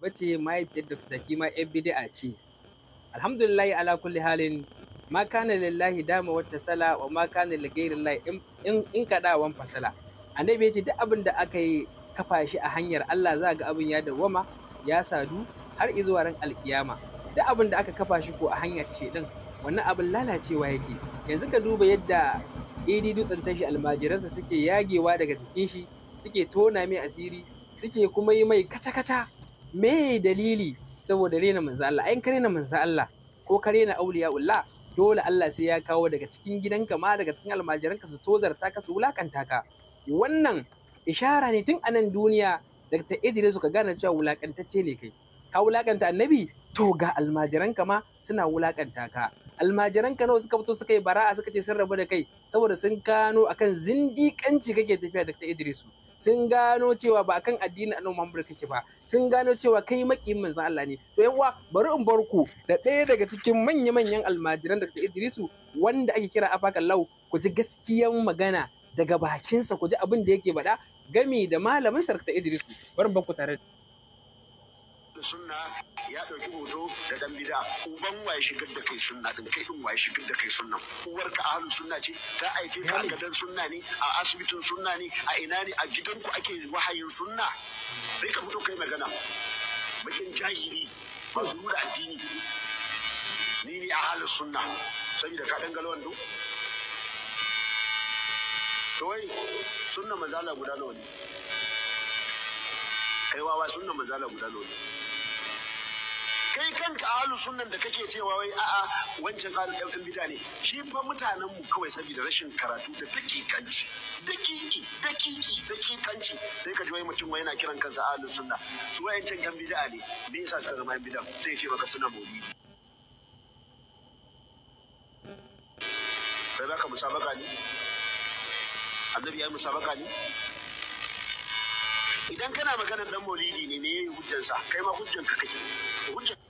aba ce mahaifiyar da fitaki ma yan bid'a ce alhamdulillahi ala kulli halin ma kana lillahi dama wata sala wa ma kana li ghairillahi in in kadawan fasala annabi ya ce duk abin da aka yi kafa shi a hanyar Allah za ga abin ya dawwama ya sadu har izuwa ran alkiyama duk abin da aka kafa shi ko a hanyar shaidan, wannan abin lalacewa yake yanzu ka duba yadda idi dutsen tashi almajiransa suke yagewa daga jikin shi suke tona mai asiri suke kuma yi mai kaca-kaca me dalili saboda rena manzo Allah ai ka rena manzo Allah ko ka rena Allah dole Allah sai ya kawo daga cikin gidanka ma daga cikin almajiranka su tozarta ka su wulakanta ka wannan ishara ne tun anan duniya daga ta idris ka gane cewa wulakantacce ne kai ka wulakanta annabi to ga almajiranka ma suna wulakanta ka almajiran ka nawa suka fito suka yi bara'a suka ce sun rabu da kai saboda sun gano akan zindiƙanci kake tafiya da Idrisu sun gano cewa ba akan addini annabi Muhammad kake ba sun gano cewa kai makiyin manzon Allah ne to yawa bari in bar ku da ɗaya daga cikin manya-manyan almajiran da ta Idrisu wanda ake kira afaka lau ku ji gaskiyan magana daga bakinsa ku ji abin da yake faɗa gami da malamin sarkata Idrisu bari ku tare da da sunna ya ɗauki hoto da ɗan bida uban waye shigar da kai sunna ɗin kai ɗin waye shigar da kai sunna uwar ka ahlus sunna ce ta aike ka a dan sunna ne a asibitin sunna ne a ina ne a gidan ku ake wahayin sunna sai ka fito kai magana bakin jahili su nuna addini ni ne halin sunna saboda ka ɗan galwando to wai sunna manzala guda nawa ne kai wawa sunna manzala guda nawa ne kai kanka ahlu sunnan da kake cewa wai a'a wancan ahlu ɗan bida ne shi fa mutanen mu kawai saboda rashin karatu da dakikanci dakiki dakiki dakikanci sai ka ji wai mutum wai yana kiran kansa ahlu sunna su yancan ɗan bida ne me yasa suka zama 'yan bida sai ce maka suna maulidi sai baka musabaka ne annabi ya musabaka ne idan kana maganar dan maulidi ne ne hujjansa kai ma hujjanka kake hujjanka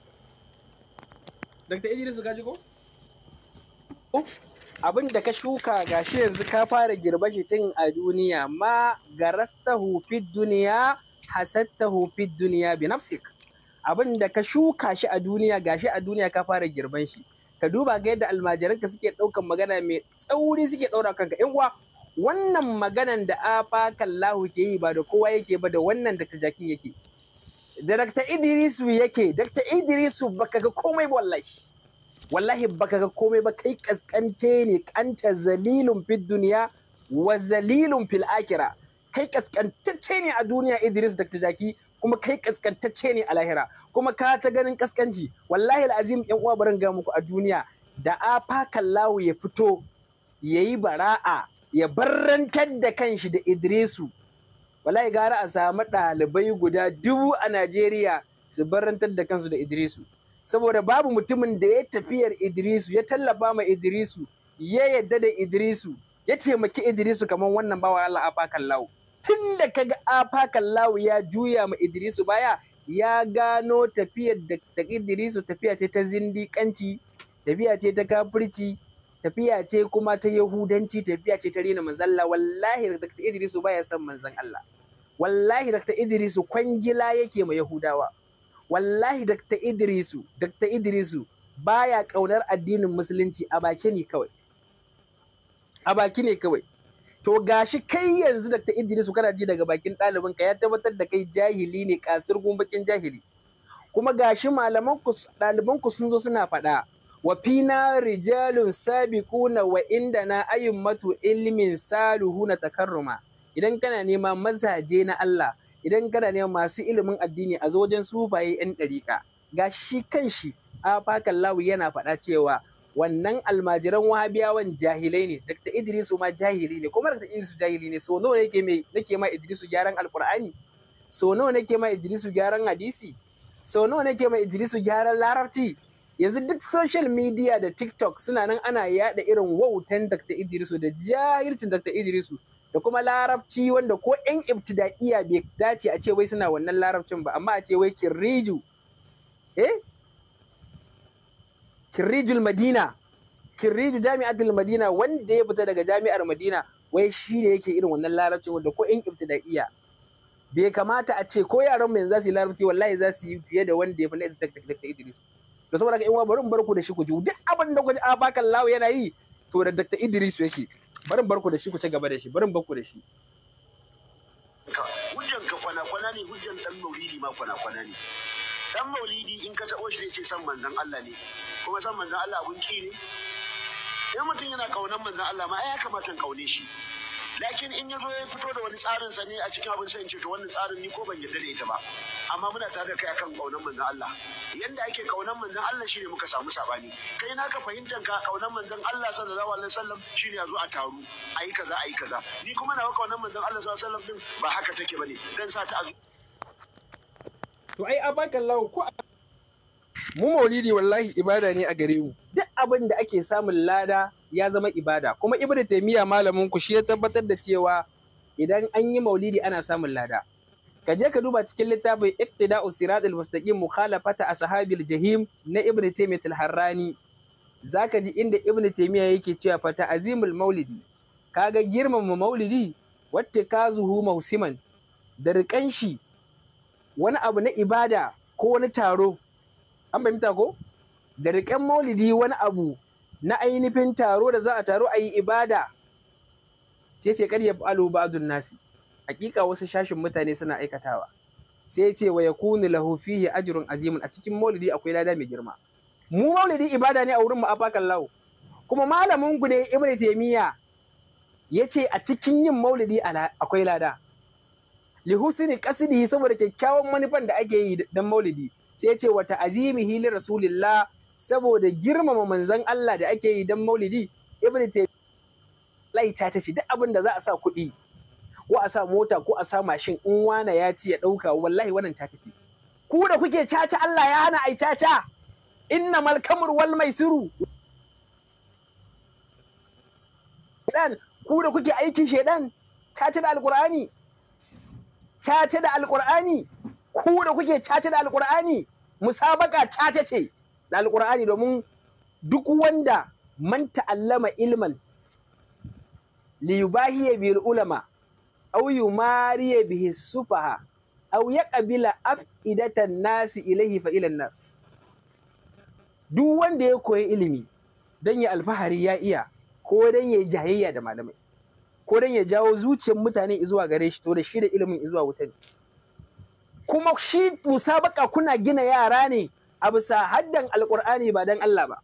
Dr. Idris ga ji ko? Abin da ka shuka gashi yanzu ka fara girba shi cin a duniya ma ga rasta hufid duniya hasatta hufid duniya bi nafsik. Abin da ka shuka shi a duniya gashi a duniya ka fara girban shi. Ka duba ga yadda almajiranka suke ɗaukan magana mai tsauri suke ɗaura kanka. ‘Yan uwa, wannan maganan da afakan lahu ke yi ba da kowa yake ba da wannan da jakin yake da Dr. Idrisu yake Dr. Idrisu baka ga komai wallahi wallahi baka ga komai ba kai kaskante ne kanta zalilun fid duniya wa zalilun fil akira kai kaskantacce ne a duniya Idris Dr. Jaki kuma kai kaskantacce ne a lahira kuma ka ta ganin kaskanci wallahi al'azim yan uwa barin ga muku a duniya da afa kallahu ya fito yayi bara'a ya barrantar da kanshi da Idrisu wallahi gara a samu ɗalibai guda dubu a Najeriya su barantar da kansu da Idrisu saboda babu mutumin da ya tafiyar Idrisu ya tallafa ma Idrisu ya yadda da Idrisu ya taimaki Idrisu kamar wannan bawa Allah afakan lawo tun da ga afakan Lawu" ya juya ma Idrisu baya ya gano tafiyar da Idrisu tafiya ce ta zindiƙanci tafiya ce ta kafirci tafiya ce kuma ta yahudanci tafiya ce ta rena manzalla wallahi da idrisu baya son manzan Allah wallahi Dr. Idrisu kwangila yake ma Yahudawa wallahi Dr. Idrisu Dr. Idrisu baya kaunar addinin musulunci a baki ne kawai a baki ne kawai to gashi kai yanzu Dr. Idrisu kana ji daga bakin ɗalibin ka ya tabbatar da kai jahili ne kasir bakin jahili kuma gashi malaman ku ɗaliban ku sun zo suna faɗa wa fina rijalun sabiquna wa indana ayyumatu ilmin saluhuna takarruma idan kana nema mazaje na Allah idan kana nema masu ilimin addini a wajen sufaye yan ɗariƙa ga shi kan shi Lawi yana faɗa cewa wannan almajiran wahabiyawan jahilai ne dr idrisu ma jahili ne kuma dr idrisu jahili ne so nawa nake mai nake ma idrisu gyaran alqur'ani so nawa nake ma idrisu gyaran hadisi so nawa nake ma idrisu gyaran larabci yanzu duk social media da tiktok suna nan ana yada irin wautan dr idrisu da jahilcin dr idrisu da kuma larabci wanda ko yan ibtida'iya bai dace a ce wai suna wannan larabcin ba amma a ce wai kirriju eh kirrijul madina kirriju jami'atul madina wanda ya fita daga jami'ar madina wai shi ne yake irin wannan larabcin wanda ko yan ibtida'iya bai kamata a ce ko yaran mai za su yi larabci wallahi za su yi fiye da wanda ya fi na idris da saboda ka yan bari in bar ku da shi ku ji duk abin da ku ji bakan lawo yana yi to da Dr. Idris yake barin barku da shi ku ci gaba da shi barin barku da shi hujjan ka kwana-kwana ne hujjan dan maulidi ma kwana-kwana ne dan maulidi in ka taɓo shi ne ce san manzan Allah ne kuma san manzan Allah abun ki ne in mutum yana kaunan manzan Allah ma ya kamata kaune shi lakin in ya zo ya fito da wani tsarin sa ne a cikin abin sai in ce to wannan tsarin ni ko ban yarda da ita ba amma muna tare da kai akan kaunan manzon Allah yanda ake kaunan manzon Allah shine muka samu sabani kai naka fahimtar ka kaunan manzon Allah sallallahu alaihi wasallam shine ya zo a taru ayi kaza ayi kaza ni kuma nawa kaunan manzon Allah sallallahu alaihi wasallam din ba haka take bane dan sa ta to ai abakallahu ko mu maulidi wallahi ibada ne a gare mu duk abin da ake samun lada ya zama ibada kuma ibada taymiya malamin ku shi ya tabbatar da cewa idan an yi maulidi ana samun lada ka je ka duba cikin littafin iqtida'u siratal mustaqim mukhalafata ashabil jahim na ibnu taymiyyah al-harrani zaka ji inda ibnu taymiyyah yake cewa fata azimul maulidi kaga girmama maulidi wacce ka zuhu mausiman da rikan shi wani abu na ibada ko wani taro an fahimta ko da rikan maulidi wani abu na ainihin taro da za a taro a yi ibada sai ce kar ya alu ba'dun nasi hakika wasu shashin mutane suna aikatawa sai ce wa yakunu lahu fihi ajrun azimun a cikin maulidi akwai lada mai girma mu maulidi ibada ne a wurin mu afakan lawo kuma malamin ku ne ibnu taymiya yace a cikin yin maulidi akwai lada li husni qasdihi saboda kyakkyawan manufan da ake yi dan maulidi sai ce wa azimihi li rasulillah saboda girmama manzan Allah da ake yi don maulidi ibn laita ta shi duk abin da za a sa kuɗi ko a sa mota ko a sa mashin in wana ya ci ya ɗauka wallahi wannan caca ce ku da kuke caca Allah ya hana ai caca inna malkamur wal maisiru dan ku da kuke aikin shedan caca da alqur'ani caca da alqur'ani ku da kuke caca da alqur'ani musabaka caca ce da alkur'ani domin duk wanda man ta'allama ilmal li yubahiya bil ulama aw yumariya bihi sufaha aw yaqbila afidatan nasi ilayhi fa ilan nar duk wanda ya koyi ilimi dan ya alfahari ya iya ko dan ya jayayya da malamai ko dan ya jawo zuciyar mutane zuwa gare shi to da shi da ilimin zuwa wuta kuma shi musabaka kuna gina yara ne a bisa haddan Alƙur'ani ba dan Allah ba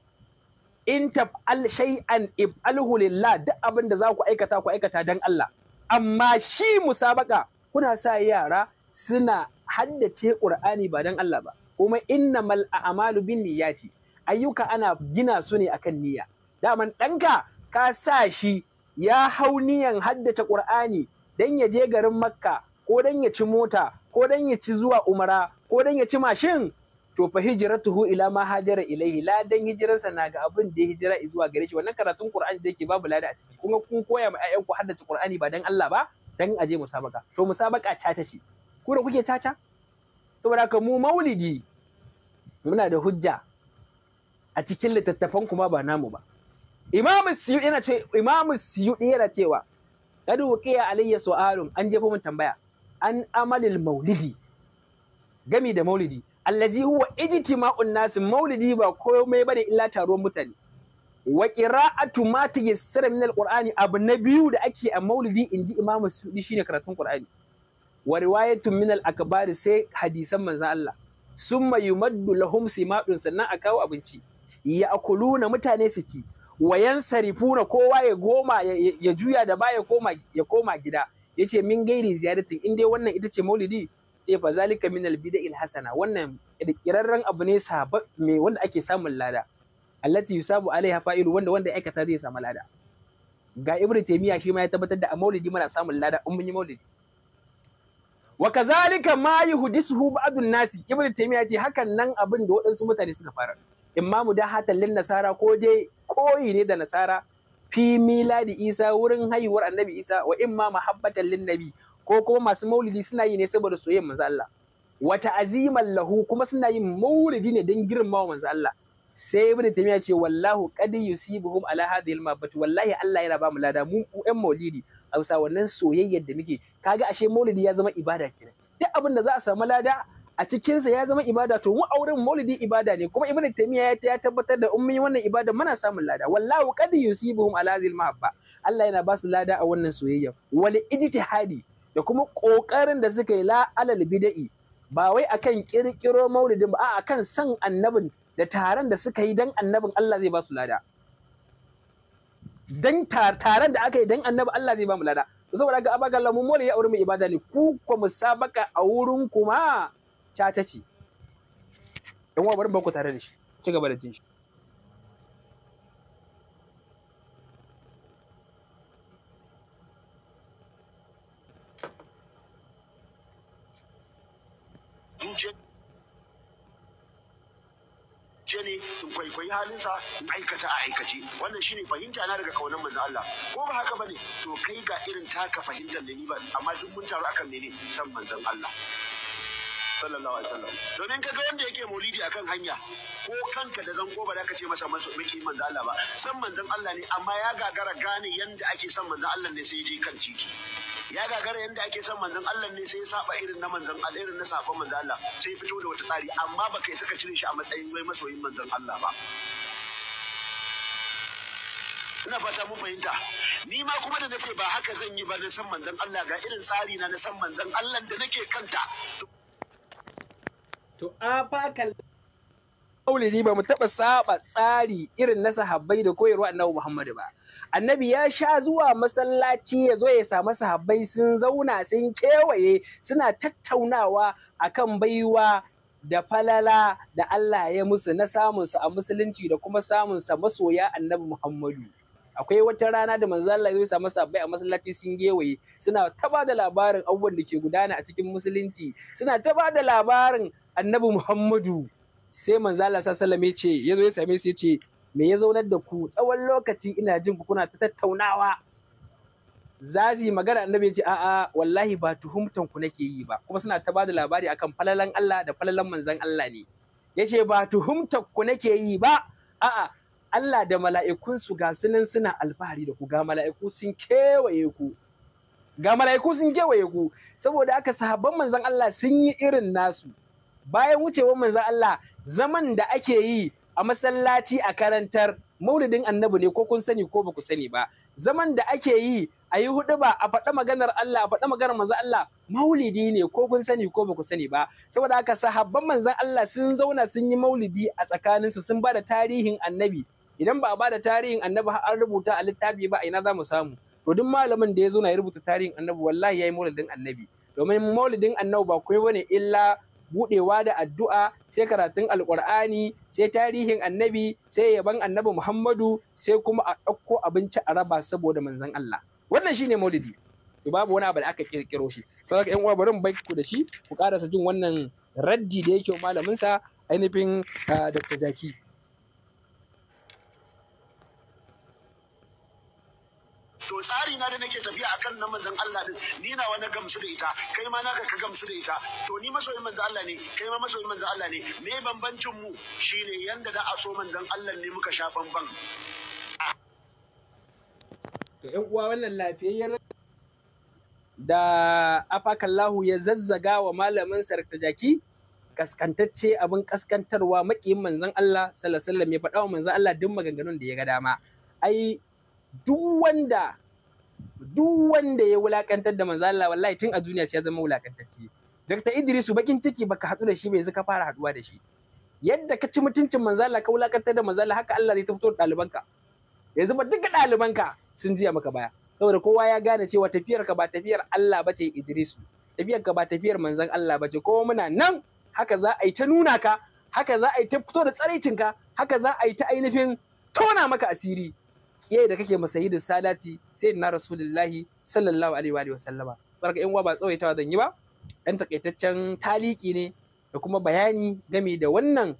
in Al-shai'an, shay'an ib'alhu lillah duk abin da za ku aikata ku aikata dan Allah amma shi musabaka kuna sa yara suna haddace qur'ani ba dan Allah ba kuma innamal a'malu niyyati ayyuka ana gina su ne akan niyya daman ɗanka ka sa shi ya hau niyan haddace qur'ani dan ya je garin makka ko dan ya ci mota ko dan ya ci zuwa umara ko dan ya ci mashin to fa hijratuhu ila ma hajara ilaihi ladan hijirarsa na ga abin da ya hijira zuwa gare shi wannan karatun qur'ani da yake babu lada a ciki kuma kun koya ma ayyanku haddace qur'ani ba dan Allah ba dan aje musabaka to musabaka caca ce ku da kuke caca saboda ka mu maulidi muna da hujja a cikin littattafan kuma ba namu ba imamu siyu yana ce imamu siyu yana cewa kadu qiya alayya su'alun an jefa mun tambaya an amalil maulidi gami da maulidi allazi huwa ijtima'un nas maulidi ba komai bane illa taruwan mutane wa qira'atu ma tayassara min alqur'ani abu na biyu da ake a maulidi inji imam sudi shine karatun qur'ani wa riwayatun min al sai hadisan manzo Allah summa yumaddu lahum simadun sannan a kawo abinci ya akuluna mutane su ci wayan sarifuna kowa ya goma ya juya da baya ya koma gida yace min gairi ziyaratin in dai wannan ita ce maulidi ce fa zalika min albida'il hasana wannan kirkirarren abu ne saba me wanda ake samun lada allati yusabu alaiha fa'ilu wanda wanda aikata zai samu lada ga ibnu taymiya shi ma ya tabbatar da a maulidi mana samun lada in mun yi maulidi wa kazalika ma yuhdisuhu ba'dun nasi ibnu taymiya ce hakan nan abin da waɗansu mutane suka fara Imamu da lin nasara ko dai koyi ne da nasara fi miladi isa wurin haihuwar annabi isa wa imma mahabbatan lin nabi ko kuma masu maulidi suna yi ne saboda soyayyar manzo Allah wata aziman lahu kuma suna yin maulidi ne don girmama manzo Allah sai ibnu taymiya ce wallahu qad yusibuhum ala hadhihi al wallahi Allah yana ba mu lada mu ɗan maulidi a bisa wannan soyayyar da muke kaga ashe maulidi ya zama ibada kenan duk abin da za a samu lada a cikinsa ya zama ibada to mu auren maulidi ibada ne kuma ibnu taymiya ya tabbatar da ummi wannan ibada muna samun lada wallahu qad yusibuhum ala hadhihi al-mahabba Allah yana ba su lada a wannan soyayya wal ijtihadi da kuma ƙoƙarin da suka yi la alal bida'i ba wai akan ƙirƙiro maulidin ba a akan san annabin da taron da suka yi don annabin Allah zai ba su lada Don taron da aka yi don annabin, Allah zai ba mu lada saboda ga abaga lamu mole ya aure mu ibada ne ku mu musabaka a wurin kuma caca ce dan bari ba ku tare da shi ci gaba da jin shi jene ne in kwaikwayi halinsa in aikata a aikace wannan shine fahimta na daga kaunan manzo Allah ko ba haka bane to kai ga irin taka fahimtar da ni ba amma duk mun taru akan ne san manzon Allah sallallahu alaihi wasallam domin kaga wanda yake maulidi akan hanya ko kanka da zango ba za ce masa masa miki manzo Allah ba san manzon Allah ne amma ya gagara gane yanda ake san manzon Allah ne sai ya je kan titi ya gagara yanda ake son manzon Allah ne sai ya saba irin na manzon Allah irin na safan manzon Allah sai ya fito da wata tsari amma ba kai saka cire shi a matsayin wai masoyin manzon Allah ba ina fata mun fahimta ni ma kuma da nace ba haka zan yi ba na san manzon Allah ga irin tsari na na san manzon Allah da nake kanta To a fakal maulidi ba mu taɓa saba tsari irin na sahabbai da koyarwa annabi Muhammadu ba. Annabi ya sha zuwa masallaci ya zo ya samu sahabbai sun zauna sun kewaye suna tattaunawa akan baiwa da falala da Allah ya musu na samunsa a musulunci da kuma samunsa masoya annabi Muhammadu. Akwai wata rana da manzo Allah ya samu sahabbai a masallaci sun gewaye suna ta da labarin abubuwan da ke gudana a cikin musulunci suna ta da labarin annabi muhammadu sai manzala sallallahu ya ce ya zo ya same su ce me ya zaunar da ku tsawon lokaci ina jin ku kuna ta tattaunawa zazi magana annabi ya ce a'a wallahi ba tuhumtan ku nake yi ba kuma suna ta bada labari akan falalan Allah da falalan manzan Allah ne yace ba tuhumtan ku nake yi ba a'a Allah da mala'ikun su ga sunan suna alfahari da ku ga mala'iku sun kewaye ku ga mala'iku sun kewaye ku saboda aka sahabban manzon Allah sun yi irin nasu bayan wucewar manzon Allah zaman da ake yi a masallaci a karantar maulidin annabi ne ko kun sani ko ba ku sani ba zaman da ake yi a yi hudu ba a faɗa maganar Allah a faɗa maganar manzon Allah maulidi ne ko kun sani ko ba ku sani ba saboda haka sahabban manzon Allah sun zauna sun yi maulidi a tsakaninsu sun ba da tarihin annabi idan ba a ba da tarihin annabi har an rubuta a littafi ba a ina za mu samu to duk malamin da ya zo na ya rubuta tarihin annabi wallahi yayi maulidin annabi domin maulidin annabi ba komai bane illa budewa da addu'a sai karatun alkur'ani sai tarihin annabi sai yaban annabi muhammadu sai kuma a ɗauko abinci a raba saboda manzon Allah wannan shine maulidi to babu wani abu da aka kirkiro shi ka yan uwa bari mu ku da shi ku karasa jin wannan raddi da yake malamin sa ainihin ah, Dr. Jaki to tsari na da nake tafiya akan na manzon Allah din ni na wani gamsu da ita kai ma naka ka gamsu da ita to ni masoyin manzon Allah ne kai ma masoyin manzon Allah ne me bambancin mu shine yanda da a so manzon Allah ne muka sha bamban to ƴan uwa wannan lafiyayyar da afakallahu ya zazzaga wa malamin sarta jaki kaskantacce abin kaskantarwa makiyin manzon Allah sallallahu alaihi wasallam ya faɗa wa manzon Allah duk maganganun da ya ga dama ai duk wanda ya wulakantar da Manzala, wallahi tun a duniya sai ya zama wulakantacce Dr. Idrisu bakin ciki baka haɗu da shi yanzu ka fara haduwa da shi yadda ka ci mutuncin Manzala ka wulakantar da Manzala, haka Allah zai fito da ɗalibanka yanzu ba duka ɗalibanka sun jiya maka baya saboda kowa ya gane cewa tafiyar ka ba tafiyar Allah bace Idrisu tafiyar ka ba tafiyar manzon Allah bace kowa muna nan haka za a yi ta nuna ka haka za a yi ta fito da tsaraicinka haka za a yi ta ainihin tona maka asiri kiyaye da kake masayi da salati sai na rasulullahi sallallahu alaihi wa sallama barka yan uwa ba tsawaitawa zan yi ba ɗan takaitaccen taliki ne da kuma bayani game da wannan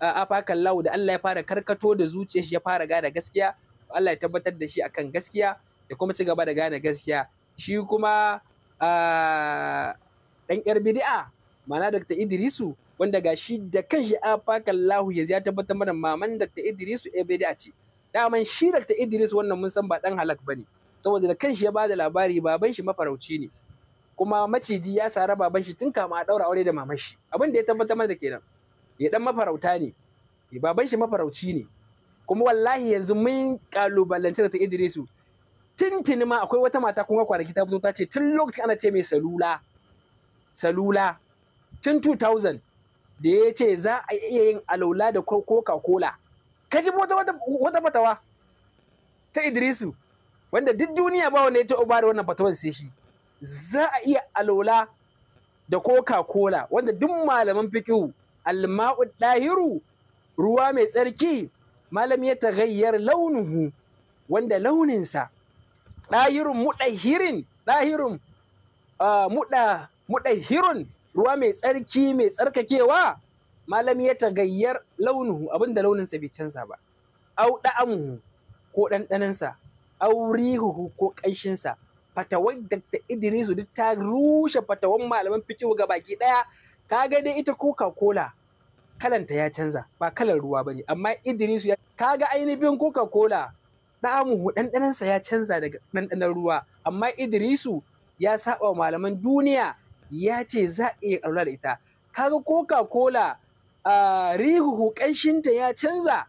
afakan lawo da Allah ya fara karkato da zuciyar shi ya fara gane gaskiya Allah ya tabbatar da shi akan gaskiya da kuma ci gaba da gane gaskiya shi kuma ɗan yar bidi'a, mana Dr. Idrisu wanda gashi da kanshi afakan lahu ya tabbatar mana maman Dr. Idrisu ya bid'a ce daman shi da Idris wannan mun san ba dan halak bane saboda da kanshi ya bada labari baban shi mafarauci ne kuma maciji ya sara baban shi tun kama a daura aure da maman shi abin da ya tabbatar mana kenan ya dan mafarauta ne baban shi mafarauci ne kuma wallahi yanzu mun kalubalanci ta Idrisu tintini ma akwai wata mata kuma kwanaki ta fito ta ce tun lokacin ana ce mai salula salula tun 2000 da ya ce za a iya yin alaula da coca cola ka ji wata wata fatawa ta Idrisu wanda duk duniya ba wanda ya taɓa ba da wannan fatawar sai shi za a iya alola da coca-cola wanda duk malaman fikihu alma'u dahiru ruwa mai tsarki malam ya gayyar launuhu wanda launinsa dahirun mudahirin, uh, muɗahirun ruwa mai tsarki mai tsarkakewa malam ya ta tagayyar launuhu abinda launinsa bai canza ba au da'amuhu ko ɗanɗanansa au rihuhu ko ƙanshinsa fatawai Dr. Idrisu duk ta rushe fatawan malaman fikihu ga baki ɗaya kaga dai ita Coca-Cola kalanta ya canza ba kalan ruwa bane amma Idrisu ya kaga ainihin Coca-Cola ɗamuhu ɗanɗanansa ya canza daga ɗanɗanan ruwa amma Idrisu ya saba malaman duniya ya ce za a iya ƙarula da ita kaga Coca-Cola Rihu hukan shinta ya canza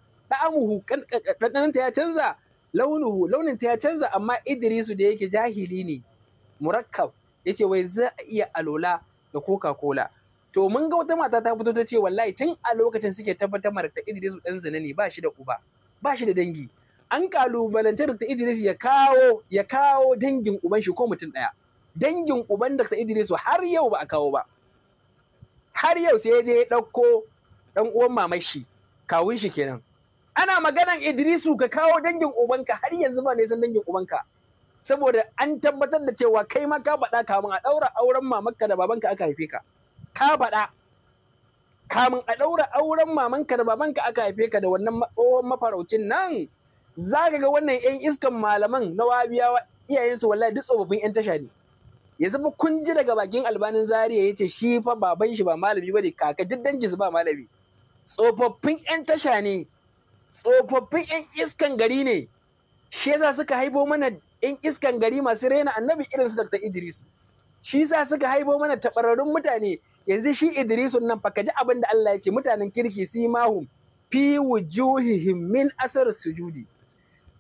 hukan ɗanɗanta ya canza launuhu launinta ya canza amma idrisu da yake jahili ne murakkab ce, wai za a iya alola da coca cola to mun ga wata mata ta fito ta ce wallahi tun a lokacin suke tabbatar mara ta idrisu ɗan zina ne ba shi da uba ba shi da dangi an kalubalance da idris ya kawo ya kawo dangin uban shi ko mutum ɗaya dangin uban da idrisu har yau ba a kawo ba har yau sai ya je ya ɗauko dan uwan mamashi kawun shi kenan ana maganan Idrisu ka kawo dangin ubanka har yanzu ba ne san dangin ubanka saboda an tabbatar da cewa kai ma ka faɗa kamun a ɗaura auren mamanka da babanka aka haife ka ka faɗa kamun a ɗaura auren mamanka da babanka aka haife ka da wannan tsohon mafaraucin nan za ka ga wannan 'yan iskan malaman na wabiyawa iyayensu wallahi duk tsofaffin 'yan tasha ne yanzu kun ji daga bakin albanin Zariya ya ce shi fa baban shi ba malami ba kaka duk dangin su ba malami tsofaffin 'yan tasha ne tsofaffin 'yan iskan gari ne shi yasa suka haibo mana 'yan iskan gari masu raina annabi irinsu su dr idris shi yasa suka haibo mana tabararrun mutane yanzu shi idrisun nan fa kaji abin da allah ya ce mutanen kirki simahum fi wujuhihim min asar sujudi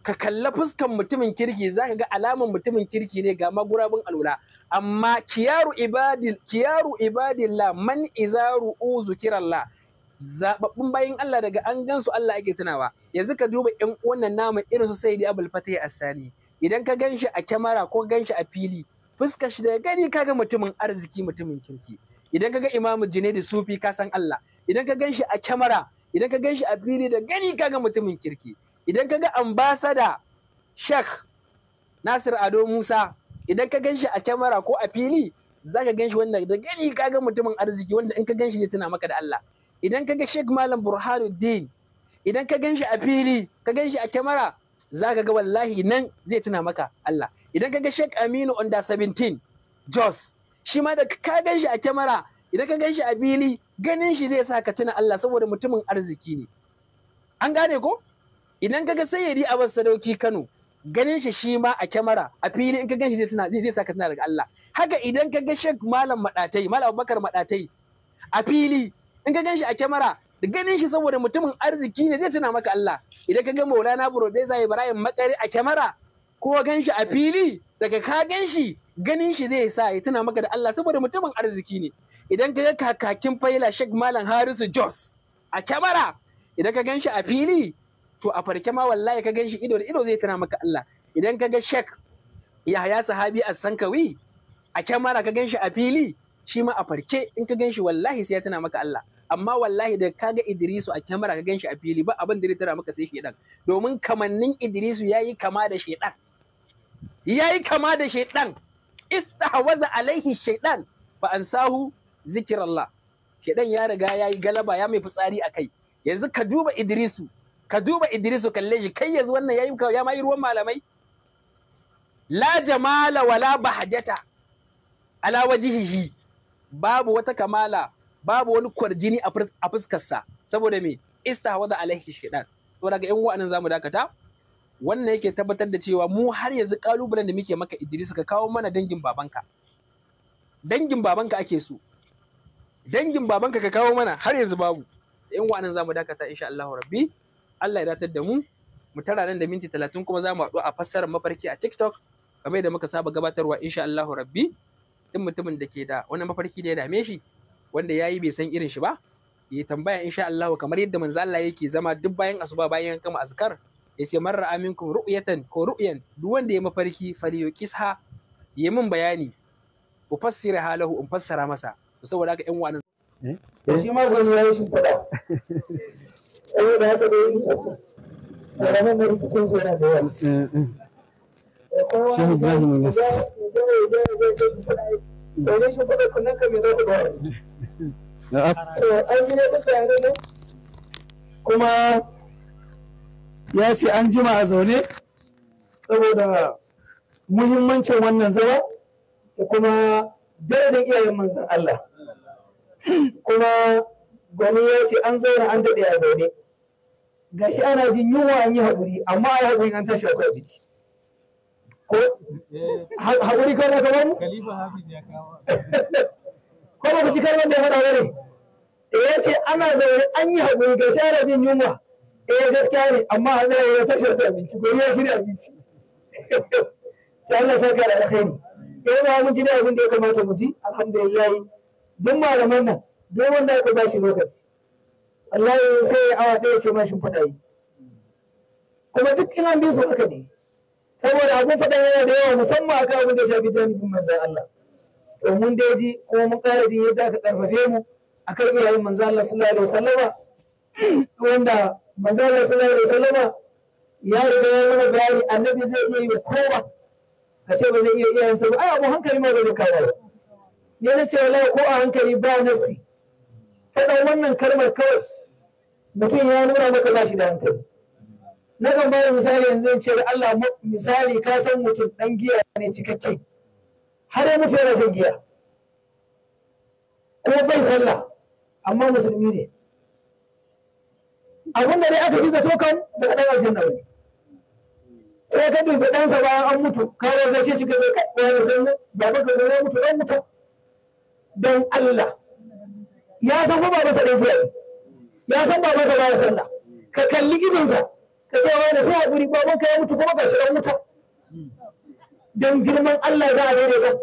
ka kalla fuskan mutumin kirki zaka ga alaman mutumin kirki ne ga magurabin alula amma kiyaru ibadil kiyaru ibadillah man izaru uzukirallah zababbun bayin Allah daga an gansu Allah ake tunawa yanzu ka duba ƴan wannan nama irin su Sayyidi Abul Fatih Asani idan ka ganshi a kyamara ko ganshi a fili fuskar shi daga gani kaga mutumin arziki mutumin kirki idan ka ga Imamu Junaidi Sufi ka san Allah idan ka ganshi a kyamara idan ka ganshi a fili da gani kaga mutumin kirki idan ka ga ambasada Sheikh Nasir Ado Musa idan ka ganshi a kyamara ko a fili za ka ganshi wanda da gani kaga mutumin arziki wanda in ka ganshi ne tuna maka da Allah idan ka ga Sheikh Malam Burhanuddin idan ka gan shi a fili ka gan shi a kyamara za ka ga wallahi nan zai tuna maka Allah idan ka ga Sheikh Aminu under 17 Jos shi ma da ka gan shi a kyamara idan ka gan shi a fili ganin shi zai sa ka tuna Allah saboda mutumin arziki ne an gane ko idan ka ga sayyidi Abbas Sadauki Kano ganin shi shi ma a kyamara a fili in ka gan shi zai tuna zai sa ka tuna daga Allah haka idan ka ga Sheikh Malam Madatai Malam Abubakar Madatai a fili in ka ganshi a kyamara da ganin shi saboda mutumin arziki ne zai tuna maka Allah idan ka ga Maulana burobeza Ibrahim Makari a kyamara ko ganshi a fili daga ka ganshi ganin shi zai sa ya tuna maka da Allah saboda mutumin arziki ne idan ka ga kakakin faila shek Malam Harisu Jos a kyamara idan ka ganshi a fili to a farke ma wallahi ka shi ido da ido zai tuna maka Allah idan ka ga shek Yahaya Sahabi a sankawi a kyamara ka ganshi a fili shi ma a farke in ka shi wallahi sai ya tuna maka Allah amma wallahi da ga Idrisu a kyamara ka ganshi a fili ba abin da zai tara maka sai shedan domin kamannin Idrisu yayi kama da shedan yayi kama da shedan istahwaza alaihi shedan fa ansahu zikrallah shedan ya riga yayi galaba ya mai fitsari a kai. yanzu ka duba Idrisu ka duba Idrisu kalle shi kai yanzu wannan yayi ya mai ruwan malamai la jamala wala bahajata ala wajihihi babu wata kamala babu wani kwarjini a fuskarsa saboda me da alaihi shidan to daga yan wa'annan zamu dakata wannan yake tabbatar da cewa mu har yanzu kalubalen da muke maka Idris ka kawo mana dangin babanka dangin babanka ake so dangin babanka ka kawo mana har yanzu babu yan wa'annan zamu dakata insha Allah rabbi Allah ya datar da mu mu tara nan da minti 30 kuma zamu haɗu a fassarar mafarki a TikTok kamar da muka saba gabatarwa insha Allah rabbi din mutumin da ke da wani mafarki da ya dame shi wanda ya yi bai san irin shi ba ya tambaya insha Allah kamar yadda manzo Allah yake zama duk bayan asuba bayan kama azkar ya ce marra aminkum ru'yatan ko ru'yan duk wanda ya mafarki falyuqisha ya min bayani ufassira halahu in fassara masa saboda haka yan wani eh? eh? shi ma gani yayi shi fada eh da haka dai da ranar da cikin gora da yawa eh, Shehu Ibrahim Yunus. da ya zai zai zai zai ba zai zai zai zai zai an gina kuma ya ce an jima a zaune saboda muhimmancin wannan zama da kuma darajar iyayen manzan Allah kuma gwani ya ce an zauna an daɗe a zaune gashi ana jin yunwa an yi haƙuri amma a haƙuri an tashi akwai abinci ko haƙuri kawai na kawai? Khalifa Hafiz ya kawo. ko ku ci kalmar da ya faɗa bane eh, ya ce ana zaune an yi haƙuri ga shara jin yunwa eh gaskiya ne amma a zai ya tafiyar da abinci ko ya shirya abinci ta Allah saka da alkhairi eh ba mun ji da abin da ya kamata mu ji alhamdulillah duk malaman nan duk wanda ya ba shi lokaci wallahi sai awa ɗaya ce ma shin faɗa yi kuma duk ina bin su haka ne saboda abin faɗa yana da yawa musamman akan abin da ya shafi jami'in manzan Allah to mun dai ji ko mun kara jin yadda aka karfafe mu akan iyayen manzo Allah sallallahu alaihi wasallama wanda manzo Allah sallallahu alaihi wasallama ya riga ya mana bayani annabi zai iya yi kowa ka ce ba zai iya sa ba a mu hankali ma ba zai kawo ba ne na ce wallahi ko a hankali ba nasi faɗa wannan kalmar kawai mutum ya nuna maka ba shi da hankali na kan bayar misali yanzu zan ce Allah misali ka san mutum ɗan giya ne cikakke har yi mutu yana shan giya ko bai sallah amma musulmi ne abin da ne aka fi zato kan daga ɗan aljanna ba ne sai ka dubi ɗansa bayan an mutu kawo zai shi ka sai ka ɗaya sai mu ba ka zama mutu ɗan mutu don Allah ya san ba sa ɗan fiye ya san ba masa baya sallah ka kalli sa, ka ce wani sai haƙuri baban ka ya mutu kuma ka shi ɗan mutu don girman Allah za a daidaita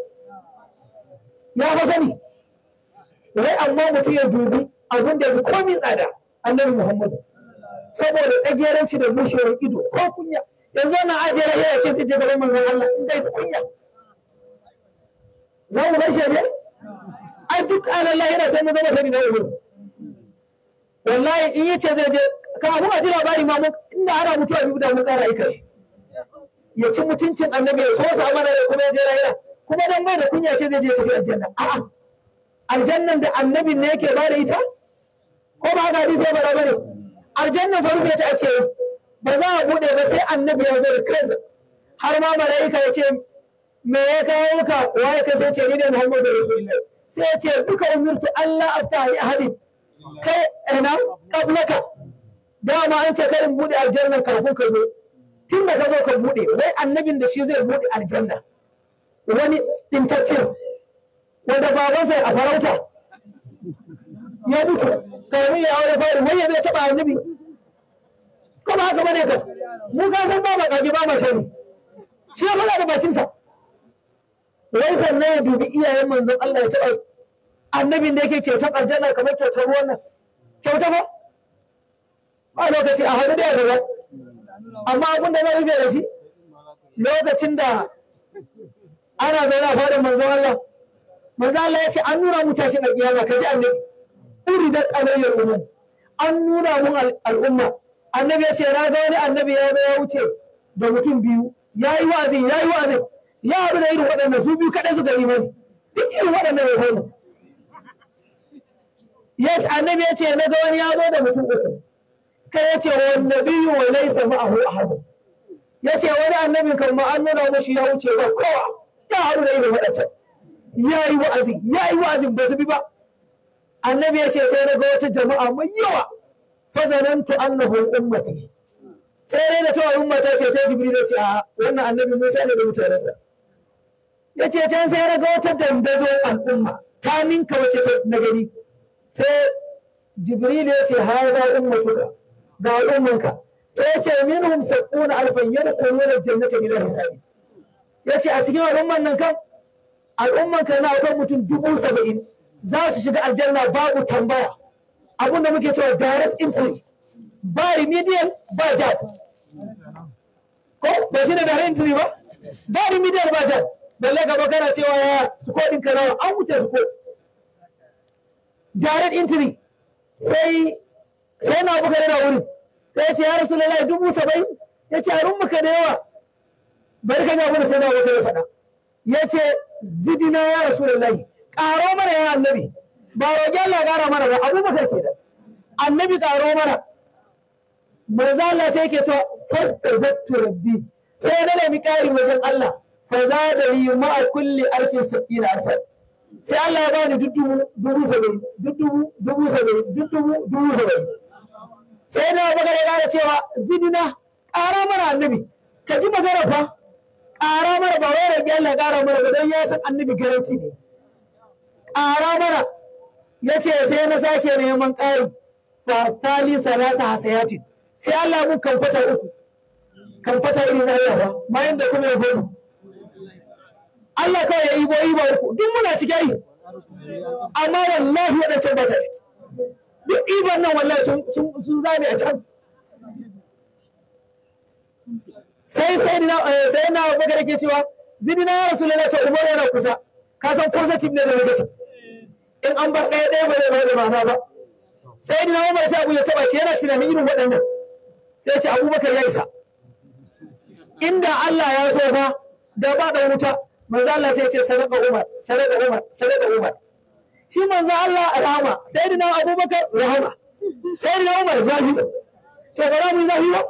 ya fa sani wai amma mutum ya dubi abin da ya komi tsada annabi Muhammadu saboda tsageranci da bushewar ido ko kunya yanzu wannan ajiyar ya ce sai je gaban manzon Allah in dai kunya za mu bar shi ne ai duk an Allah yana sai mu zama sani na yau wallahi in yace zai je ka abu a ji labari ma mu inda ana mutuwa bi da mu kara ikai ya ci mutuncin annabi ya so sa amana ya kuma je kuma dan bai da kunya ce zai je tafi aljanna a'a aljannan da annabi ne yake bada ita ko ba ga hadisi ba ne? aljanna fa rufe ta ake ba za a bude ba sai annabi ya zo kansa har ma malaika ya ce me ya kawo ka waye ka sai ce ni ne Muhammadu rasulullahi sai ya ce duka umurtu Allah aftahi ahadin kai ina kablaka dama an ce karin bude aljanna kafin ka zo tun da ka zo ka bude wai annabin da shi zai bude aljanna wani tsintaccen wanda sai a farauta ya mutu kawai ya aure fari wai ya zai taba annabi ko ba haka bane ka mu ka san ba ma kage ba ma shari shi ya faɗa da bakinsa wai sannan ya dubi iyayen manzon Allah ya taba annabin da yake kyautar aljanna kamar kyautar ruwan nan kyauta ba a lokaci a hannu da ya gaba amma abin da na rufe da shi lokacin da ana zaune a fadin manzon Allah manzon Allah ya ce an nuna mu tashi da kiyama ka ji annabi da alayya umum an nuna mu al'umma annabi ya ce na ga wani annabi ya zo ya wuce da mutum biyu yayi wazi yayi wazi ya abu da irin waɗannan su biyu kaɗai suka yi mani duk irin waɗannan ya samu annabi ya ce na ga wani ya zo da mutum uku kai yace wan nabiyyu wa laysa ma'ahu ahad yace wani annabi kan ma an nuna mushi ya wuce ba kowa ya haɗu da irin wadancan ya yi wa'azi ya yi wa'azi ba su bi ba annabi yace sai na ga wata jama'a mai yawa fa zanantu annahu ummati sai dai da ta ummata ce sai jibril ya ce a wannan annabi Musa ne da mutanensa ya ce can sai raga wata dandazo al'umma ta ninka wace na gani sai jibril ya ce haza ummatuka ga al'ummanka sai ya ce minhum sabun alfan yadkhuluna aljannata bila hisabi ya ce a cikin al'umman nan kan al'umman ka na akwai mutum dubu saba'in za su shiga aljanna babu tambaya abun da muke cewa direct entry ba remedial ba jab ko ba shi ne direct entry ba ba remedial ba jab balle gaba kana cewa ya su kodin ka nawa an wuce su ko direct entry sai sai na buka da wuri sai ce ya rasu lalai dubu saba'in ya ce a muka da yawa bari ka ji abin da sai na wata ya faɗa ya ce zidina ya rasu lalai ƙaro mana ya annabi ba roƙi Allah ƙara mana ba abubakar ke da annabi ƙaro mana manzo Allah sai yake cewa fastazattu rabbi sai na nemi ƙari wajen Allah fa zadari ma'a kulli alfin da alfan sai Allah ya bani dubu dubu saba'in dubu dubu saba'in dubu dubu saba'in sai na bakar ya gane cewa zidina ƙara mana annabi ka ji magana fa ƙara mana ba wai rage Allah ƙara mana ba don ya san annabi garanti ne ƙara mana ya ce sai na sake neman ƙarin fatali salasa hasayatin sai Allah mun kamfata uku kamfata iri na yawa bayan da kuma ya bani Allah kawai ya yi bo yi ba uku duk muna cikin yi amma wallahi wadancan ba sa ciki duk iban nan wallahi sun zame a can sai sai na eh, sai na bakar ke cewa zidina ya rasu lana ta umar yana kusa ka san positive ne da negative in an bar ɗaya ɗaya ba zai bar da ma'ana ba sai na umar sai abu ya taɓa shi yana tunanin irin waɗannan sai ce abubakar ya isa inda Allah ya so fa da ba da wuta manzo Allah sai ya ce sadaka umar sadaka umar sadaka umar shi manzo Allah alama sai dina abubakar rahama sai dina umar zafi to ba mu zafi ba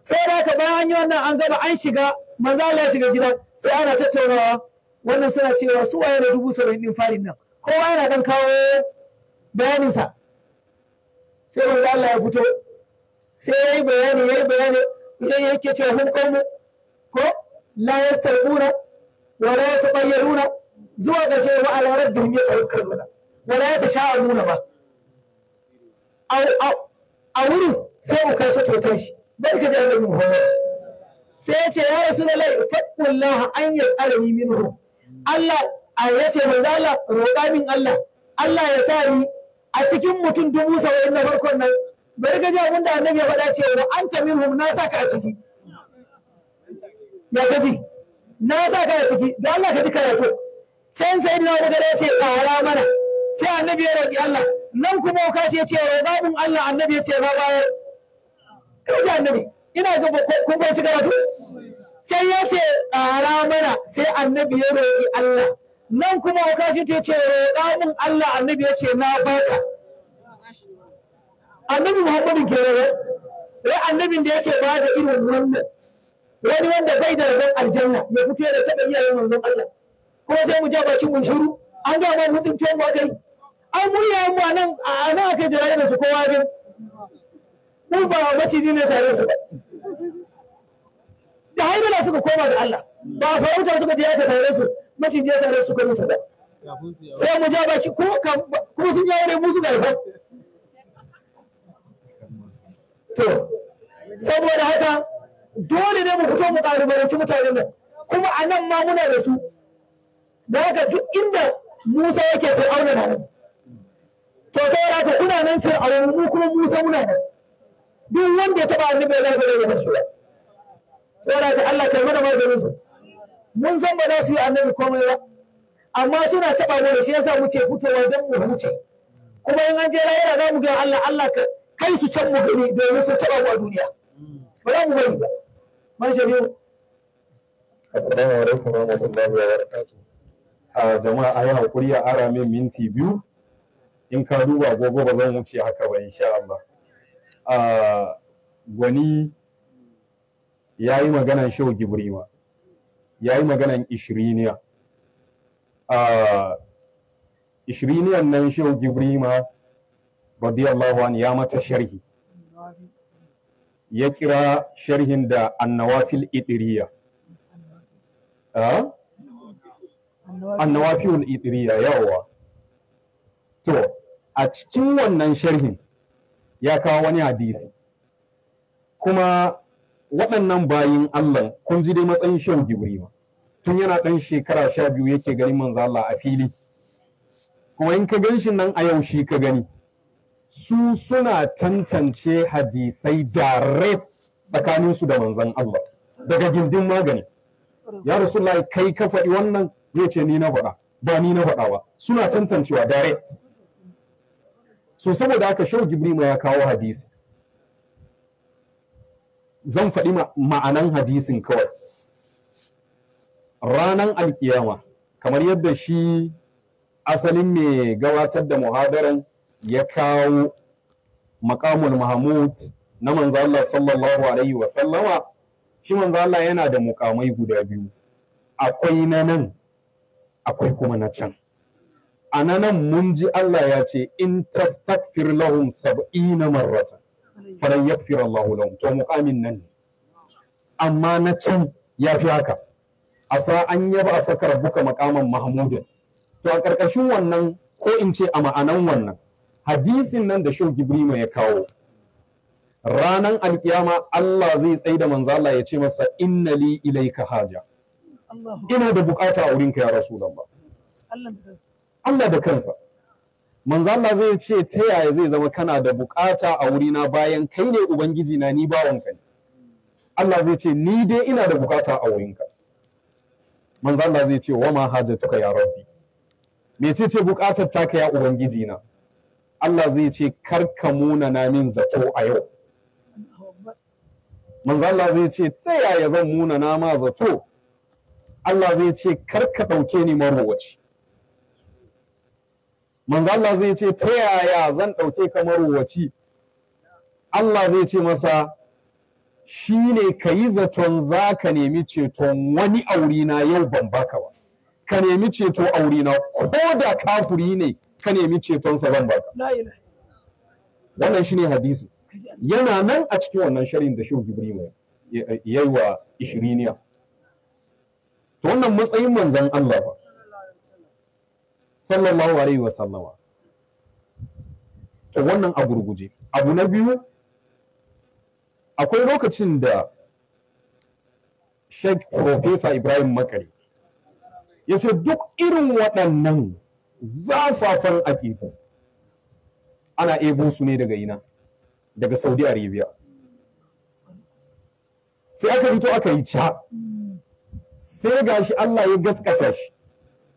sai da ka bayan an yi wannan an zaba an shiga manzo Allah ya shiga gidan sai ana tattaunawa wannan suna cewa su waye da dubu saba'in din farin nan kowa yana dan kawo bayaninsa sai manzo Allah ya fito sai ya yi bayani ya yi bayani idan yake cewa hukumu ko la yastabuna wa la yatabayyaruna zuwa ga shewa ala rabbihim yatawakkaluna wala nuna ba a wurin sai mu kai su totan shi bai ka jira mu hawa sai ya ce ya rasu na rasulullahi faqullaha an min minhu Allah a yace manzo Allah roƙa min Allah Allah ya sa ni a cikin mutum dubu saba'in na farkon nan bari ka ji abin da annabi ya faɗa cewa anta minhum na sa ka a ciki ya gaji na sa ka a ciki da Allah ka ji karatu sai sai na wani da ce tsara mana sai annabi ya roƙi Allah nan kuma wuka ce ce cewa babun Allah annabi ya ce ba bayar kaji annabi ina ga kun bai ci karatu sai ya ce tsara mana sai annabi ya roƙi Allah nan kuma wuka ce ce cewa mun Allah annabi ya ce na baka annabi Muhammadu ke eh? wai annabin da yake ba da irin wannan wani wanda bai da rabon aljanna ya fito da taɓa iyayen manzon Allah ko sai mu je bakin mu shiru an ga mu mutum tuwon mu akai an murya mu a nan a nan akai jiragen da su kowa ne mu ba maciji ne tare su Da haibe da suka koma da Allah ba farauta suka je aka tare su maciji ya tare su ka mutu ba sai mu je baki ko kuma sun yi yare mu suka to saboda haka dole ne mu fito mu kalubalanci mutane nan kuma a nan ma muna da su da haka duk inda Musa yake auna na nan to sai haka kuna nan auna mu kuma Musa muna nan duk wanda ya taba annabi ya zama ya masu sai haka Allah kai mana maganin su mun san ba za su yi annabi komai ba amma suna taba mu shi yasa muke fitowa don mu huce kuma in an je lahira za mu ga Allah Allah ka kai su can mu gani domin su taba mu a duniya ba za mu bari ba Mai shabiu assalamu alaikum wa rahmatullahi a jama'a ayi hakuri a ara min minti biyu in ka duba gogo ba zan wuce haka ba insha Allah a gwani ya yi maganan shau gibrima ya yi maganan ishiriniya a ishiriniyan nan shau gibrima radiyallahu an ya mata sharhi ya kira sharhin da annawafil idiriya annawafiyul itiriya yawa to a cikin wannan sharhin ya kawo wani hadisi kuma waɗannan bayin Allah kun ji dai matsayin shan gibrima tun yana ɗan shekara sha biyu yake ganin manzo Allah a fili kuma in ka gan shi nan a yau shi ka gani su suna tantance hadisai direct tsakaninsu da manzon Allah daga gindin magani ya rasulullahi kai ka faɗi wannan zai ce ni na faɗa ba ni na faɗa ba suna tantancewa direct so saboda haka shau ma ya kawo hadisi zan faɗi ma'anan hadisin kawai ranan alkiyama kamar yadda shi asalin mai gabatar da muhadaran ya kawo makamul mahmud na manzo Allah sallallahu alaihi wa sallama shi manzo Allah yana da mukamai guda biyu akwai na nan akwai kuma na can a nan mun ji Allah ya ce in tastaghfir lahum sab'ina marratan falan yaghfir Allah lahum to muqamin nan amma na can ya fi haka sa an yaba a saka rabbuka makaman mahmudin to a ƙarƙashin wannan ko in ce a ma'anan wannan hadisin nan da shau gibrima ya kawo ranan alkiyama Allah zai tsaida manzo Allah ya ce masa innali ilaika haja ina da bukata a wurinka ya rasulullah Allah da kansa manzo Allah zai ce ta yaya zai zama kana da bukata a wurina bayan kai ne ubangiji na ni bawanka ne Allah zai ce ni dai ina da bukata a wurinka manzo Allah zai ce wa ma hajatuka ya rabbi mece ce bukatar taka ya ubangiji na Allah zai ce kar ka munana min zato a yau manzo Allah zai ce ta yaya zan munana ma zato Allah zai ce kar ka ɗauke ni marowaci manzo Allah zai ce ta yaya zan ɗauke ka marowaci Allah zai ce masa shi ne ka yi zaton za ka nemi ceton wani aure na yau ban baka ba ka nemi ceto aurina ko da kafuri ne ka nemi cetonsa zan baka wannan shi ne hadisi yana nan a cikin wannan shirin da shehu Jibrimu. ya yi wa ishiriniya to wannan matsayin manzan Allah ba sallallahu alaihi wa sallama to wannan a gurguje abu na biyu akwai lokacin da Sheikh Profesa Ibrahim Makari ya ce duk irin waɗannan zafafan ta ana ebo su ne daga ina daga Saudi Arabia sai aka fito aka yi ca sai gashi Allah ya gaskata shi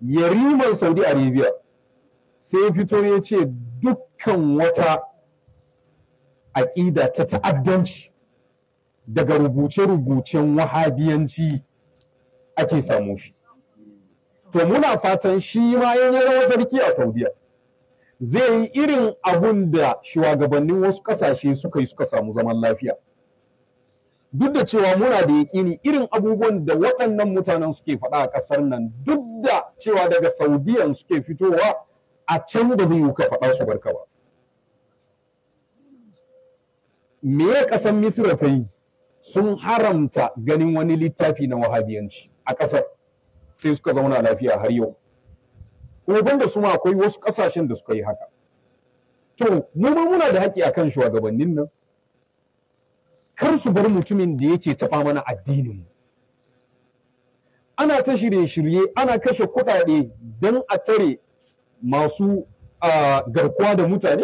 yariman Saudi Arabia sai fito ya ce dukkan wata aƙida ta ta'addanci daga rubuce-rubucen wahabiyanci ake samu shi to muna fatan shi ma ya yi sarki a Saudiya zai yi irin abun da shugabannin wasu ƙasashe suka yi suka samu zaman lafiya duk da cewa muna da yaƙini irin abubuwan da waɗannan mutanen suke faɗa a ƙasar nan duk da cewa daga saudiyan suke fitowa a can ba zai yi ka faɗa su barka ba me ya ƙasar misira ta yi sun haramta ganin wani littafi na wahabiyanci a ƙasar sai suka zauna lafiya har yau kuma banda su ma akwai wasu ƙasashen da suka yi haka to mu ma muna da haƙƙi akan shugabannin nan kar su bar mutumin da yake taɓa mana addinin ana ta shirye-shirye ana kashe kuɗaɗe don a tare masu garkuwa da mutane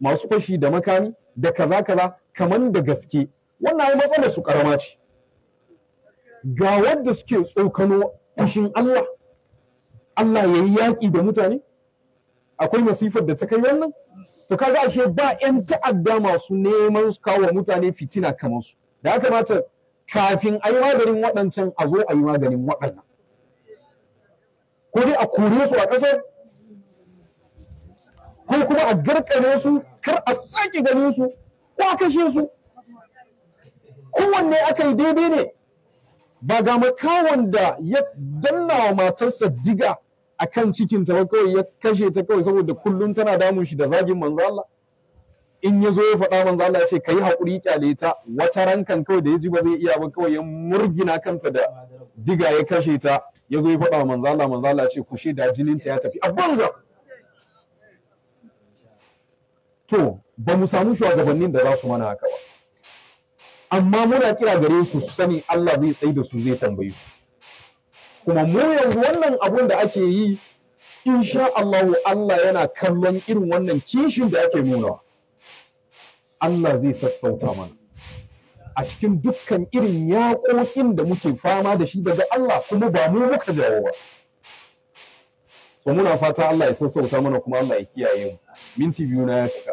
masu fashi da makami da kaza-kaza kaman da gaske wannan matsalar su karama ce ga wadda suke tsokano fushin Allah Allah ya yi yaƙi da mutane akwai masifar da ta kai wannan to ga ashe ba yan ta'adda masu neman su kawo mutane fitina kamar su da aka mata kafin a yi maganin waɗancan a zo a yi maganin waɗannan ko dai a kore su a ƙasar ko kuma a garkare su kar a sake ganin su ko a kashe su kowanne aka yi daidai ne ba ga makawan da ya danna wa matarsa diga a kan ta ba kawai ya kashe ta kawai saboda kullum tana damun shi da zagin manzo Allah in ya zo ya faɗa manzo Allah ya ce kai haƙuri kyale ta wata rankan kawai da ya ji ba zai iya ba kawai ya murgina kanta da diga ya kashe ta ya zo ya faɗa manzo Allah manzo Allah ya ce kushe da jininta ya tafi a banza to ba mu samu shugabannin da za su mana haka ba amma muna kira gare su su sani Allah zai tsaye da su zai tambaye su kuma mu yanzu wannan abun da ake yi insha Allahu Allah yana kallon irin wannan kishin da ake nuna Allah zai sassauta mana a cikin dukkan irin yaƙoƙin da muke fama da shi daga Allah kuma ba mu muka jawo ba to muna fata Allah ya sassauta mana kuma Allah ya kiyaye mu minti biyu na ya cika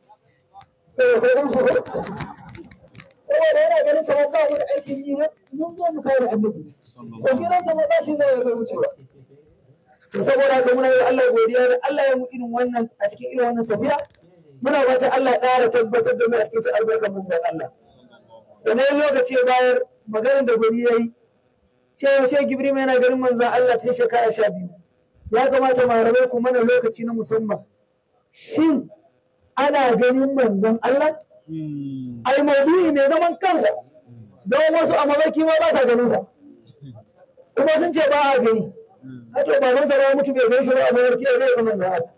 saboda yana ganin ba aikin mun zo mu ba saboda muna yi Allah godiya da Allah ya mu irin wannan a cikin irin wannan tafiya muna wata Allah ƙara tabbatar da mu a cikin albarka mun dan Allah sannan lokaci ya bayar maganar da gari yayi cewa shi Gibrima yana ganin manzon Allah ce shekara sha biyu ya kamata malamai ku mana lokaci na musamman shin ana ganin manzon Allah hmm. ai maudu'i mai zaman kansa don wasu a mafarki ma ba sa ganin sa kuma sun ce ba a gani hmm. a ce ba zan sarawa mutu bai gani shi ba a mafarki a zai zama zaɓa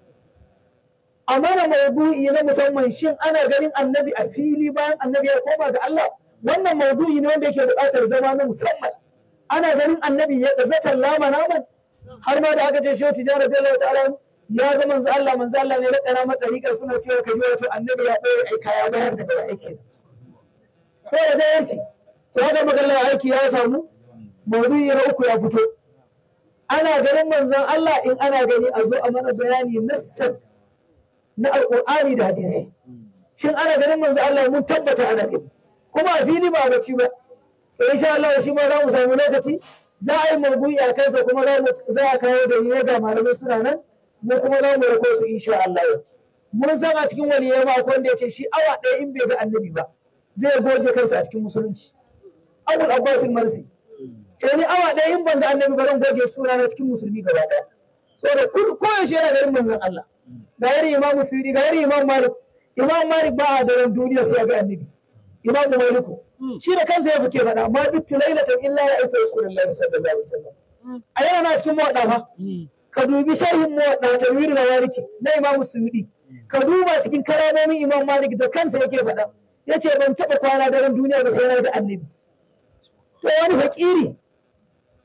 amma da maudu'i na musamman shin ana ganin annabi a fili bayan annabi ya koma ga Allah wannan maudu'i ne wanda yake buƙatar zama na musamman ana ganin annabi ya zatar lama naman har ma da aka ce shi tijara bai lauta alamu? ya ga manzo Allah manzo Allah ne kara ma ɗarika suna cewa ka ji wato annabi ya ɓoye aika ya bayar da bai aiki sai da ya ce to haka magallar aiki ya samu maudu'i na uku ya fito ana ganin manzon Allah in ana gani a zo a mana bayani nassan na alqur'ani da hadisi shin ana ganin manzo Allah mun tabbata ana gani kuma a fili ba bacci ba to insha Allah shi ma za mu samu lokaci za a yi maudu'i a kansa kuma za a kawo da ga malamai suna nan mu kuma za mu rako su insha Allah mun san a cikin wani yamma akwai wanda ya ce shi awa ɗaya in bai ga annabi ba zai goge kansa a cikin musulunci abul abbasin marsi ce ni awa ɗaya in ban ga annabi ba zan goge suna na cikin musulmi gaba ɗaya saboda kun koyaushe yana garin manzon Allah ga yari imamu ga yari imamu malik imamu malik ba a daren duniya sai ya ga annabi imamu maliku shi da kansa ya fuke faɗa ma duk tulailatan illa ya aika rasulullahi sallallahu alaihi wasallam a yana cikin mu fa hmm. ka dubi shehin mu da jami'ir da wariki na imam suyudi ka duba cikin karamomin imam malik da kansa yake faɗa ya ce ban taɓa kwana daren duniya ba sai na da annabi to wani fakiri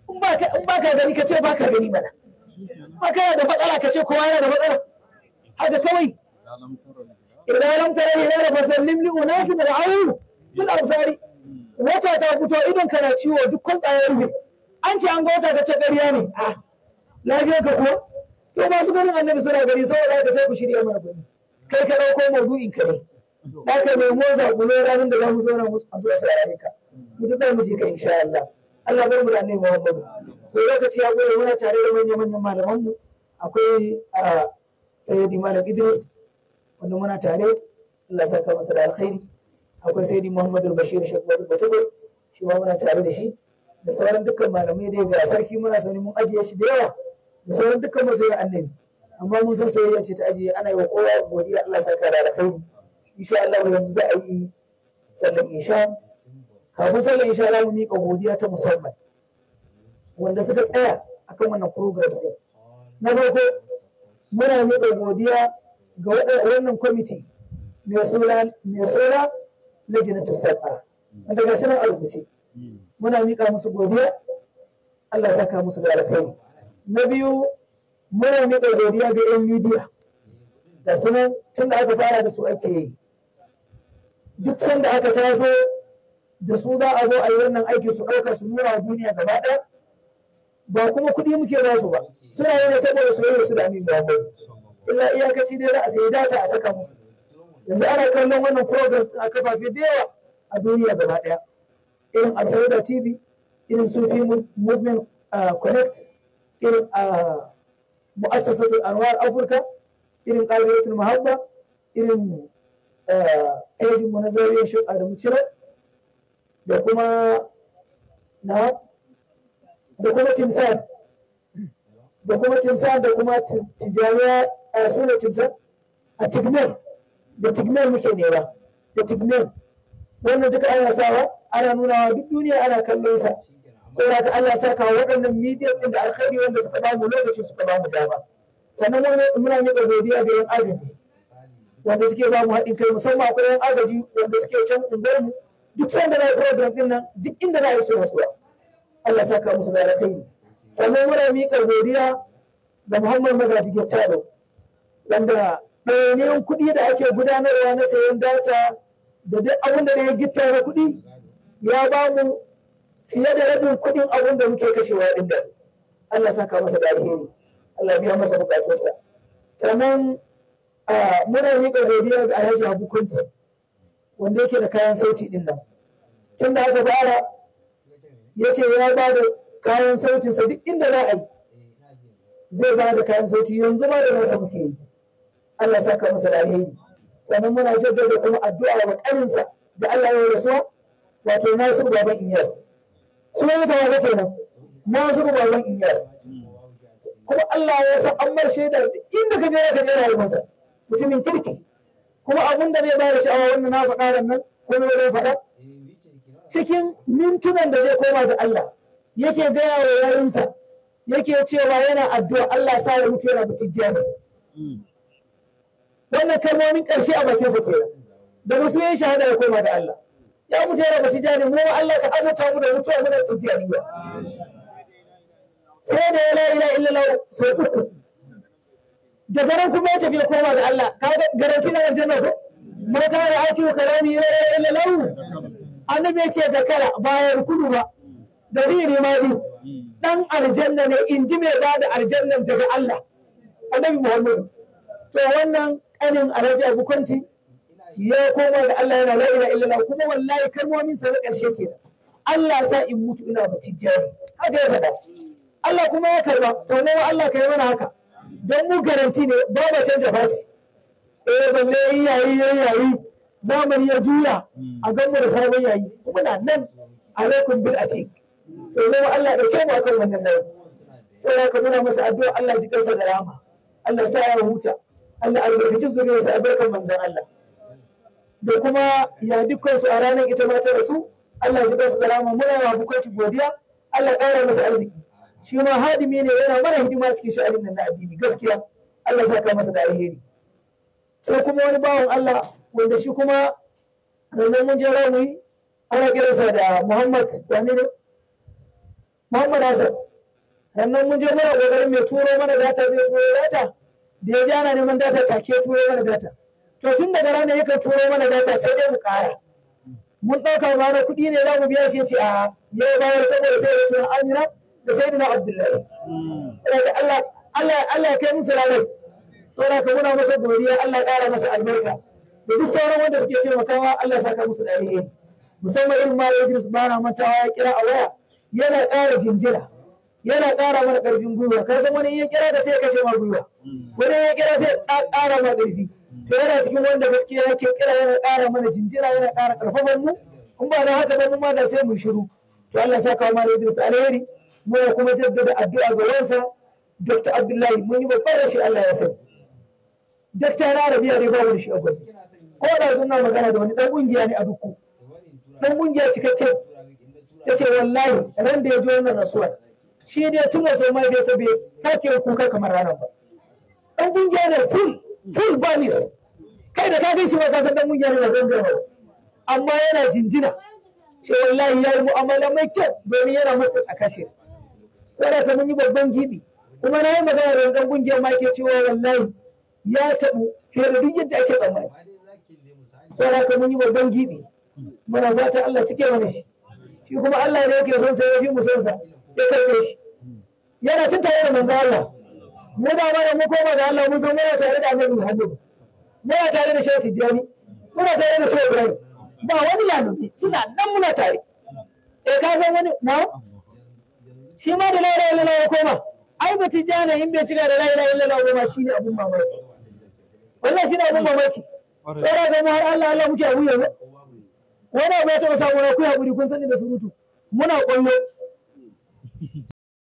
in ba ka gani ka ce ba ka gani mana ba ka da fadala ka ce kowa yana da fadala haka kawai idan lam tara hilal fa sallim li unasi da ayn bil absari wata ta fito idon kana ciwo duk kun tsayar ne an ce an ga wata ta ce ƙarya ne a ah, je ka kuwa? to su gurin annabi suna gari saboda haka sai ku shirya mana gari kai ka dauko maudu'in ka ne haka ka moza gulo ranar da za mu zauna musu a zo saurare ka mu duk mu je ka insha Allah Allah bar mu da annabi Muhammadu so lokaci ya gore muna tare da manyan manyan malaman mu akwai sayyidi malam Idris wanda muna tare Allah ya saka masa da alkhairi akwai sayyidi Muhammadu Bashir Shakwar Batugul shi ma muna tare da shi da sauran dukkan malamai da ga sarki muna sani mun ajiye shi da yawa sauran dukkan masoya annabi amma mun san soyayya ce ta ajiye ana yi wa kowa godiya Allah saka da alkhairi insha Allah yanzu za ayi sallan isha kafin sallan isha za mu miƙa godiya ta musamman wanda suka tsaya akan wannan program din na farko muna miƙa godiya ga wannan kwamiti mai sura lajinatu sarfa wanda ga shirin albuce muna miƙa musu godiya Allah saka musu da alkhairi na biyu muna miƙa godiya ga 'yan midiya da sunan tun da aka fara da su ake yi duk sanda aka taso da su za a zo a yi wannan aiki su ɗauka su nuna duniya gaba ɗaya ba kuma kuɗi muke ba su ba suna yi saboda su yi su da amin illa iyakaci dai za a sayi data a saka musu yanzu ana kallon wannan program a kafafe da yawa a duniya gaba ɗaya irin alfaida tv irin sufi movement ah, connect irin a mu'assasatul anwar afirka irin qaliyatul muhabba, irin ejin mu na zariyar shuka da mucira da kuma na da kuma timsan da kuma timsan da kuma tijariya a suna timsan a tigmen da tigmen muke nema da tigmen wannan duka ana sawa ana nunawa duk duniya ana kallon sa saboda Allah saka waɗannan media ɗin da alkhairi wanda suka ba mu lokaci suka ba mu dama sannan muna miƙa godiya ga yan agaji wanda suke ba mu haɗin kai musamman akwai yan agaji wanda suke can unguwar mu duk sanda na yi program ɗin nan duk inda na yi so rasuwa Allah saka musu da alkhairi sannan muna miƙa godiya ga Muhammad Magaji Gettado wanda ɗawainiyar kuɗi da ake gudanarwa na sayan data da duk abin da ya gitta kuɗi ya ba mu fiye da rabin kuɗin abin da muke kashewa ɗin da Allah saka masa da alheri Allah biya masa bukatunsa sannan muna yi godiya ga alhaji hukunci wanda yake da kayan sauti ɗin nan tun da aka fara ya ce ya ba da kayan sauti sa duk inda za a yi zai ba da kayan sauti yanzu ma da nasa muke yi Allah saka masa da alheri sannan muna jaddada kuma addu'a wa ƙarinsa da Allah ya rasuwa wato nasu baban Iyas. sunan mutane da kenan nasiru baban iyas kuma Allah ya san an mar shaidar inda ka je ka je rayuwarsa mutumin kirki kuma abin da zai ba da sha'awa wannan na faɗa ran nan ko ne zai faɗa cikin mintunan da zai koma da Allah yake gaya wa yayinsa yake cewa yana addu'a Allah sa ya mutu yana mutijjiya wannan kalmomin ƙarshe a bakinsa kenan da musu yin shahada ya koma da Allah ya mu jera ba jari mu Allah ka azurta mu da mutuwa mu da duniya sai da ya la ilaha illallah sai uku da garan kuma ya tafi koma da Allah ka garanti na aljanna ko mun ka ga aiki wa karani la ilaha illallah annabi ya ce da kala bayar kudu ba da riri mali dan aljanna ne in ji mai bada aljannan daga Allah annabi Muhammad to wannan kanin alhaji Abu ya koma da Allah yana la ilaha illallah kuma wallahi kalmomin sa na ƙarshe kenan Allah sa in mutu ina bacci jari haka ya faɗa Allah kuma ya karba to ne Allah kai mana haka don mu garanti ne ba ba canja faci eh balle yayi yayi zamani ya juya a gamu da sabon yayi kuma na nan alaikum bil atik to ne Allah da mu akan wannan nan sai ya ka nuna masa addu'a Allah ji kansa da rama Allah sa ya huta Allah albarkaci zuriyarsa albarkan manzon Allah da kuma ya dukkan su a ranar ita ma ta rasu Allah ya ji su da rama muna wa bukaci godiya Allah ya ƙara masa arziki shi ma hadimi ne yana mana hidima cikin sha'anin nan na addini gaskiya Allah ya saka masa da alheri sai kuma wani bawan Allah wanda shi kuma ranar mun je ranar ana kiransa da Muhammad wani ne Muhammad Hassan sannan mun je mana kokarin mai turo mana data zai turo data da ya ji ana neman data take turo mana data to tun daga ranar yake turo mana data sai dai mu kara mun ɗauka ranar kuɗi ne za mu biya shi ce a ya bayar saboda sai da tuna amina da sai da abdullahi Allah Allah Allah ya kai musu ranar saboda ka muna masa godiya Allah ya ƙara masa albarka da duk sauran wanda suke taimakawa Allah ya saka musu da musamman irin ma ba bana mantawa ya kira a waya yana ƙara jinjira yana ƙara mana ƙarfin gwiwa ka san wani ya kira ka sai ya kashe ma gwiwa wani ya kira sai ya ƙara ma ƙarfi to yana cikin wanda gaskiya yake kira yana ƙara mana jinjira yana ƙara ƙarfafan mu in ba da haka ba mu ma da sai mu shiru to Allah saka mu da Idris alheri mu kuma jaddada addu'a ga wansa Dr. Abdullahi mun yi babbar rashi Allah ya sani Dr. Rabi'a ne ba shi a ko da sunna magana da wani dan kungiya ne a dukku dan kungiya cikakke yace wallahi ran da ya ji wannan rasuwar shi ne tun wasu mai da sabi sake kuka kamar ranar ba dan kungiya ne full full banis kai da ka shi ba ka san dan kungiya ne zan ba. amma yana jinjina ce wallahi ya yi mu'amala mai kyau domin yana matsa a kashe sai da mun yi babban gibi kuma na yi magana da dan kungiyar ma ke cewa wallahi ya tabu fere duk yadda ake tsammani sai da mun yi babban gibi muna zata Allah cike mana shi shi kuma Allah ne yake son sai ya fi mu son ya karbe shi yana cin tare da manzo Allah mu ba mana mu koma da Allah mu zo mu tare da Annabi Muhammad muna tare da Sheikh Tijani muna tare da Sheikh Ibrahim ba wani lalumi suna nan muna tare eh ka san wani na shi ma da la ilaha ya koma ai ba Tijani in bai cika da la ilaha illallah ba shi ne abun mamaki wannan shi ne abun mamaki tsara ga mu har Allah Allah muke abu yanzu wani abu ya taɓa samu na ku haƙuri kun sani da surutu muna kwallo.